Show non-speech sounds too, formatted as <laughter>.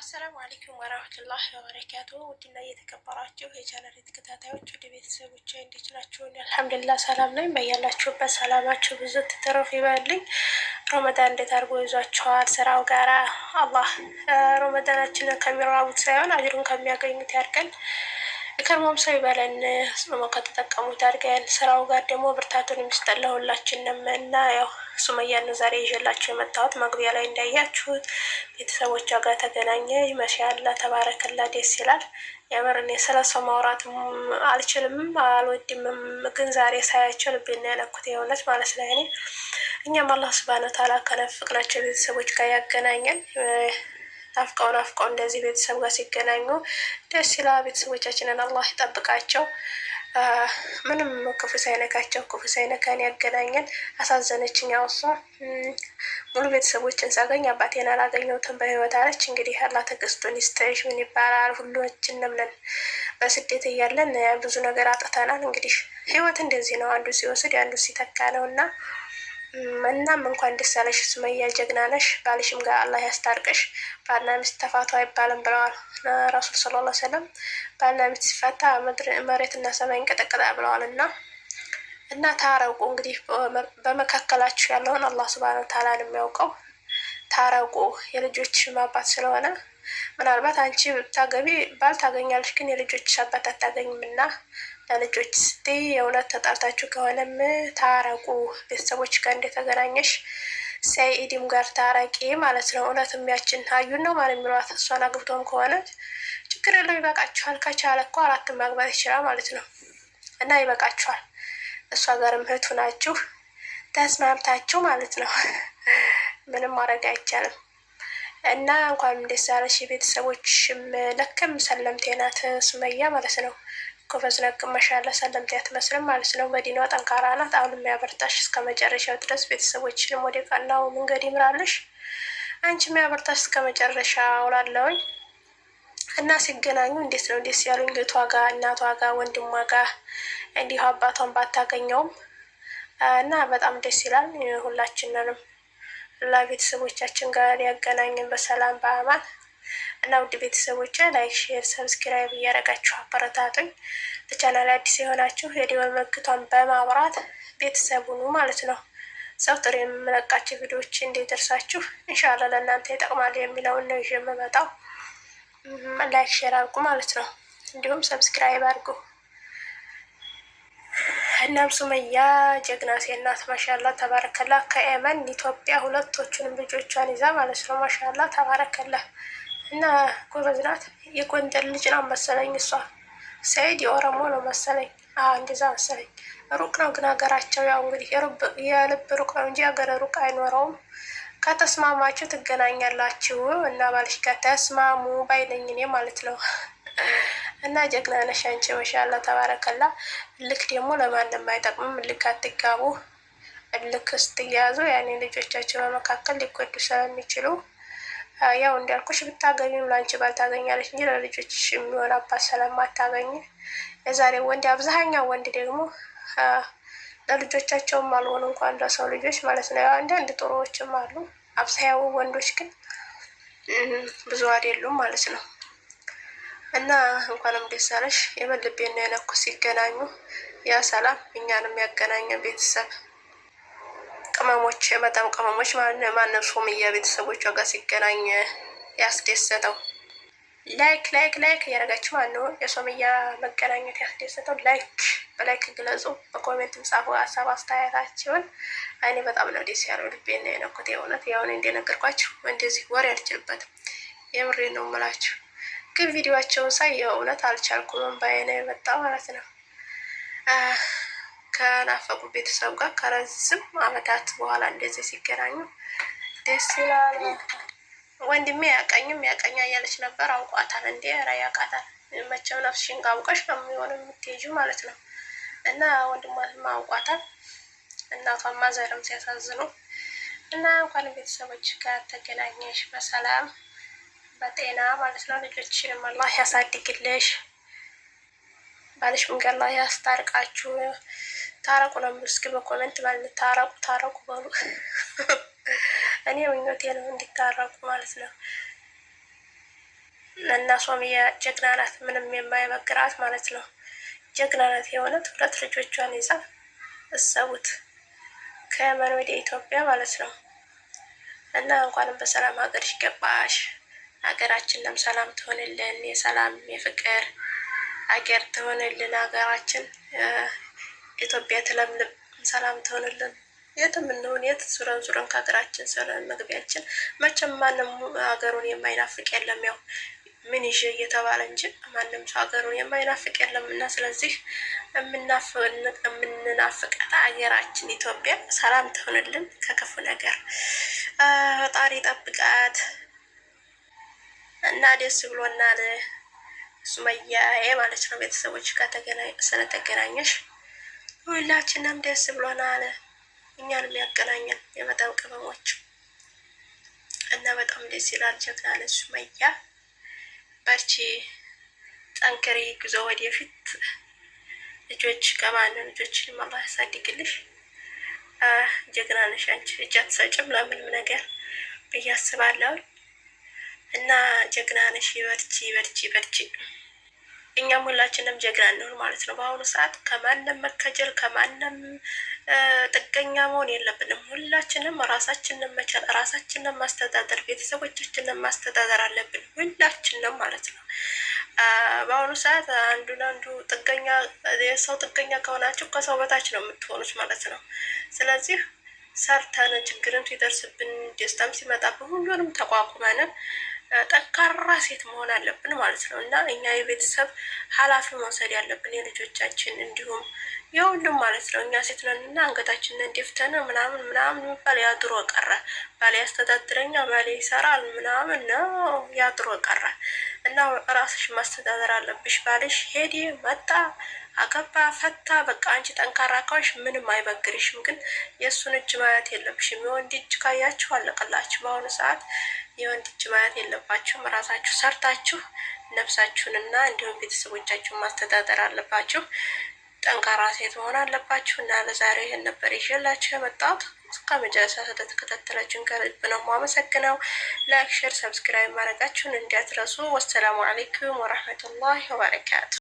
አሰላሙ አሌይኩም ወራህመቱላህ ወበረካቱ። ውድና እየተከበራችሁ የቻናል ተከታታዮች ወደ ቤተሰቦች እንዴት ናችሁ? አልሐምዱሊላህ ሰላም ነኝ። በያላችሁበት ሰላማችሁ ብዙ ትትረፍ ይበልኝ። ሮመዳን እንዴት አድርጎ ይዟችኋል? ስራው ጋራ አላህ ሮመዳናችንን ከሚራቡት ሳይሆን አጅሩን ከሚያገኙት ያድርገን። ከርሞም ሰው ይበለን። ጽሞ ከተጠቀሙት አድርገን። ስራው ጋር ደግሞ ብርታቱን የሚስጠን ለሁላችንም እና ያው ሱመያ ነው ዛሬ ይዤላችሁ የመጣሁት። መግቢያ ላይ እንዳያችሁት ቤተሰቦቿ ጋር ተገናኘ። ማሻአላ ተባረከላ፣ ደስ ይላል። የምር እኔ ስለ ሰው ማውራት አልችልም አልወድም፣ ግን ዛሬ ሳያቸው ልቤና ያለኩት የሆነች ማለት ነው። እኔ እኛም አላህ ሱብሃነሁ ወተዓላ ከናፈቅናቸው ቤተሰቦች ጋር ያገናኘን። ናፍቀው ናፍቀው እንደዚህ ቤተሰብ ጋር ሲገናኙ ደስ ይላል። ቤተሰቦቻችንን አላህ ይጠብቃቸው። ምንም ክፉ ሳይነካቸው ክፉ ሳይነካን ያገናኘን። አሳዘነችኝ። ያው እሷ ሙሉ ቤተሰቦችን ሳገኝ አባቴን አላገኘሁትም በህይወት አለች። እንግዲህ ያላ ተገስቶን ይስጠሽ። ምን ይባላል? ሁላችንም ነን በስደት እያለን ብዙ ነገር አጥተናል። እንግዲህ ህይወት እንደዚህ ነው። አንዱ ሲወስድ አንዱ ሲተካ ነው እና እናም እንኳን ደስ ያለሽ ሱመያ፣ ጀግና ነሽ። ባልሽም ጋር አላህ ያስታርቅሽ። ባልና ሚስት ተፋቱ አይባልም ብለዋል ረሱል ስለ ላ ሰለም። ባልና ሚስት ሲፋታ መሬትና ሰማይ እንቀጠቀጣ ብለዋል እና እና ታረቁ። እንግዲህ በመካከላችሁ ያለውን አላህ ስብሃነ ወተዓላ ነው የሚያውቀው። ታረቁ። የልጆች አባት ስለሆነ ምናልባት አንቺ ብታገቢ ባል ታገኛለሽ፣ ግን የልጆች አባት አታገኝም እና ለልጆች ስትይ የእውነት ተጣርታችሁ ከሆነም ታረቁ። ቤተሰቦች ጋር እንደተገናኘሽ ሰኢድም ጋር ታረቂ ማለት ነው። እውነትም ያችን አዩን ነው ማለት የሚሏት እሷን አግብቶም ከሆነ ችግር የለው ይበቃችኋል። ከቻለ እኮ አራት ማግባት ይችላል ማለት ነው። እና ይበቃችኋል። እሷ ጋርም እህቱ ናችሁ ተስማምታችሁ ማለት ነው። <laughs> ምንም ማድረግ አይቻልም። እና እንኳን ደስ ያለሽ ቤተሰቦችም ለክም ሰለምቴናት ሱመያ ማለት ነው። ጎበዝ ነው። ግመሻለ ሰለምቴ አትመስልም ማለት ነው። በዲኗ ጠንካራ ናት። አሁንም የሚያበርታሽ እስከ መጨረሻው ድረስ ቤተሰቦችንም ወደ ቀናው መንገድ ይምራልሽ። አንቺ የሚያበርታሽ እስከ መጨረሻ አውላለውኝ እና ሲገናኙ እንዴት ነው እንዴት ያሉኝ? ጌቷ ጋ እናቷ ጋ ወንድሟ ጋ እንዲሁ አባቷን ባታገኘውም እና በጣም ደስ ይላል። ሁላችንንም ለቤተሰቦቻችን ጋር ያገናኝን በሰላም በአማን እና ውድ ቤተሰቦች ላይክ፣ ሼር፣ ሰብስክራይብ እያደረጋችሁ አበረታቶኝ ለቻናል አዲስ የሆናችሁ የደወል ምልክቷን በማብራት ቤተሰቡኑ ማለት ነው ሰው ጥሩ የምመለቃቸው ቪዲዮዎች እንዲደርሳችሁ እንሻላ ለእናንተ ይጠቅማል የሚለውን ነው ይዤ የምመጣው። ላይክ ሼር አርጉ ማለት ነው፣ እንዲሁም ሰብስክራይብ አርጉ። እናም ሱመያ ጀግና ሴት ናት። ማሻላ ተባረከላ። ከየመን ኢትዮጵያ ሁለቶቹንም ልጆቿን ይዛ ማለት ነው። ማሻላ ተባረከላ። እና ጎበዝ ናት። የጎንደር ልጅ ነው መሰለኝ እሷ ሰይድ የኦሮሞ ነው መሰለኝ። እንደዛ መሰለኝ። ሩቅ ነው ግን ሀገራቸው ያው እንግዲህ የልብ ሩቅ ነው እንጂ ሀገር ሩቅ አይኖረውም። ከተስማማችሁ ትገናኛላችሁ እና ባልሽ ጋር ተስማሙ ባይለኝ እኔ ማለት ነው። እና ጀግና ነሽ አንቺ መሻላ ተባረከላ። ልክ ደግሞ ለማንም አይጠቅምም። ልክ አትጋቡ። ልክ ስትያዙ ያኔ ልጆቻቸው በመካከል ሊጎዱ ስለሚችሉ ያው እንዳልኩሽ ብታገኙም ለአንቺ ባል ታገኛለች እንጂ ለልጆች የሚሆን አባት ስለማታገኝ የዛሬ ወንድ አብዛኛው ወንድ ደግሞ ለልጆቻቸውም አልሆኑ እንኳን ለሰው ልጆች ማለት ነው። አንዳንድ ጥሩዎችም አሉ። አብዛኛው ወንዶች ግን ብዙ አይደሉም ማለት ነው። እና እንኳንም ደስ አለሽ። ነው የነኩ ሲገናኙ ያ ሰላም እኛንም ያገናኘ ቤተሰብ ቅመሞች በጣም ቅመሞች ማነው ሱመያ ቤተሰቦቿ ጋር ሲገናኝ ያስደሰተው? ላይክ ላይክ ላይክ እያደረጋችሁ ማነው የሶምያ መገናኘት ያስደሰተው? ላይክ በላይክ ግለጹ፣ በኮሜንት ጻፉ ሀሳብ አስተያየታችሁን። እኔ በጣም ነው ደስ ያለው፣ ልቤ ነው የነኩት። የእውነት ያሁን እንደነገርኳችሁ እንደዚህ ወሬ አልችልበትም፣ የምሬ ነው ምላችሁ ግን ቪዲዮቸውን ሳይ የእውነት አልቻልኩም፣ ነው የመጣ ማለት ነው ከናፈቁ ቤተሰብ ጋር ከረዝም አመታት በኋላ እንደዚህ ሲገናኙ ደስ ይላል። ወንድሜ ያቀኝም ያቀኛ እያለች ነበር። አውቋታል እንዴ ራ ያውቃታል። መቼም ነፍስሽን አውቀሽ ነው የሚሆነው የምትሄጂው ማለት ነው። እና ወንድሟ አውቋታል። እናቷማ ዘርም ሲያሳዝኑ እና እንኳን ቤተሰቦች ጋር ተገናኘሽ በሰላም በጤና ማለት ነው። ልጆችንም አላህ ያሳድግልሽ። ባልሽ መንገድ ላይ ያስታርቃችሁ። ታረቁ ነው የሚሉ እስኪ በኮመንት ማለት ታረቁ ታረቁ በሉ። እኔ ምኞቴ ነው እንዲታረቁ ማለት ነው። እና ሱመያ ጀግና ናት፣ ምንም የማይበግራት ማለት ነው። ጀግና ናት የሆነት ሁለት ልጆቿን ይዛ እሰቡት ከየመን ወደ ኢትዮጵያ ማለት ነው። እና እንኳንም በሰላም ሀገርሽ ገባሽ። ሀገራችንም ሰላም ትሆንልን፣ የሰላም የፍቅር ሀገር ትሆንልን ሀገራችን ኢትዮጵያ ትለምልም፣ ሰላም ትሆንልን። የትም እንሆን የት ዙረን ዙረን ከሀገራችን ስለን መግቢያችን መቼም ማንም ሀገሩን የማይናፍቅ የለም። ያው ምን ይዤ እየተባለ እንጂ ማንም ሰው ሀገሩን የማይናፍቅ የለም እና ስለዚህ የምንናፍቃት ሀገራችን ኢትዮጵያ ሰላም ትሆንልን ከክፉ ነገር ፈጣሪ ጠብቃት እና ደስ ብሎናል ሱመያዬ ማለት ነው ቤተሰቦች ጋር ስለተገናኘሽ ሁላችንም ደስ ብሎን አለ እኛን የሚያገናኘን የመጣው ቅመሞች እና በጣም ደስ ይላል። ጀግና ነሽ ሱመያ፣ በርቺ፣ ጠንክሪ፣ ጉዞ ወደፊት። ልጆች ከማን ልጆች አላህ ያሳድግልሽ። ጀግና ነሽ አንቺ፣ እጅ አትሰጭም ለምንም ነገር ብዬ አስባለሁ እና ጀግና ነሽ። በርቺ፣ በርቺ፣ በርቺ። እኛም ሁላችንም ጀግና እንሆን ማለት ነው። በአሁኑ ሰዓት ከማንም መከጀል ከማንም ጥገኛ መሆን የለብንም። ሁላችንም ራሳችንን መቻል፣ ራሳችንን ማስተዳደር፣ ቤተሰቦቻችንን ማስተዳደር አለብን ሁላችንም ማለት ነው። በአሁኑ ሰዓት አንዱን አንዱ ጥገኛ የሰው ጥገኛ ከሆናችሁ ከሰው በታች ነው የምትሆኑት ማለት ነው። ስለዚህ ሰርተን ችግርም ሲደርስብን ደስታም ሲመጣብን ሁሉንም ተቋቁመንም ጠንካራ ሴት መሆን አለብን ማለት ነው እና እኛ የቤተሰብ ኃላፊ መውሰድ ያለብን የልጆቻችን እንዲሁም የሁሉም ማለት ነው። እኛ ሴት ነን እና አንገታችንን ደፍተን ምናምን ምናምን የሚባል ያድሮ ቀረ። ባሌ ያስተዳድረኛ፣ ባሌ ይሰራል ምናምን ነው ያድሮ ቀረ እና ራስሽ ማስተዳደር አለብሽ። ባልሽ ሄዴ መጣ አገባ ፈታ፣ በቃ አንቺ ጠንካራ ካዎች ምንም አይበግርሽም። ግን የእሱን እጅ ማየት የለብሽም። የወንድ እጅ ካያችሁ አለቀላችሁ። በአሁኑ ሰዓት የወንድ እጅ ማየት የለባችሁም። ራሳችሁ ሰርታችሁ ነፍሳችሁንና እንዲሁም ቤተሰቦቻችሁን ማስተዳደር አለባችሁ። ጠንካራ ሴት መሆን አለባችሁ እና ለዛሬው ይህን ነበር ይዤላችሁ የመጣሁት። እስከ መጨረሻ ስለተከታተላችሁን ከልብ ነው የማመሰግነው። ላይክ፣ ሼር፣ ሰብስክራይብ ማድረጋችሁን እንዳትረሱ። ወሰላሙ አሌይኩም ወረህመቱላሂ ወበረካቱ።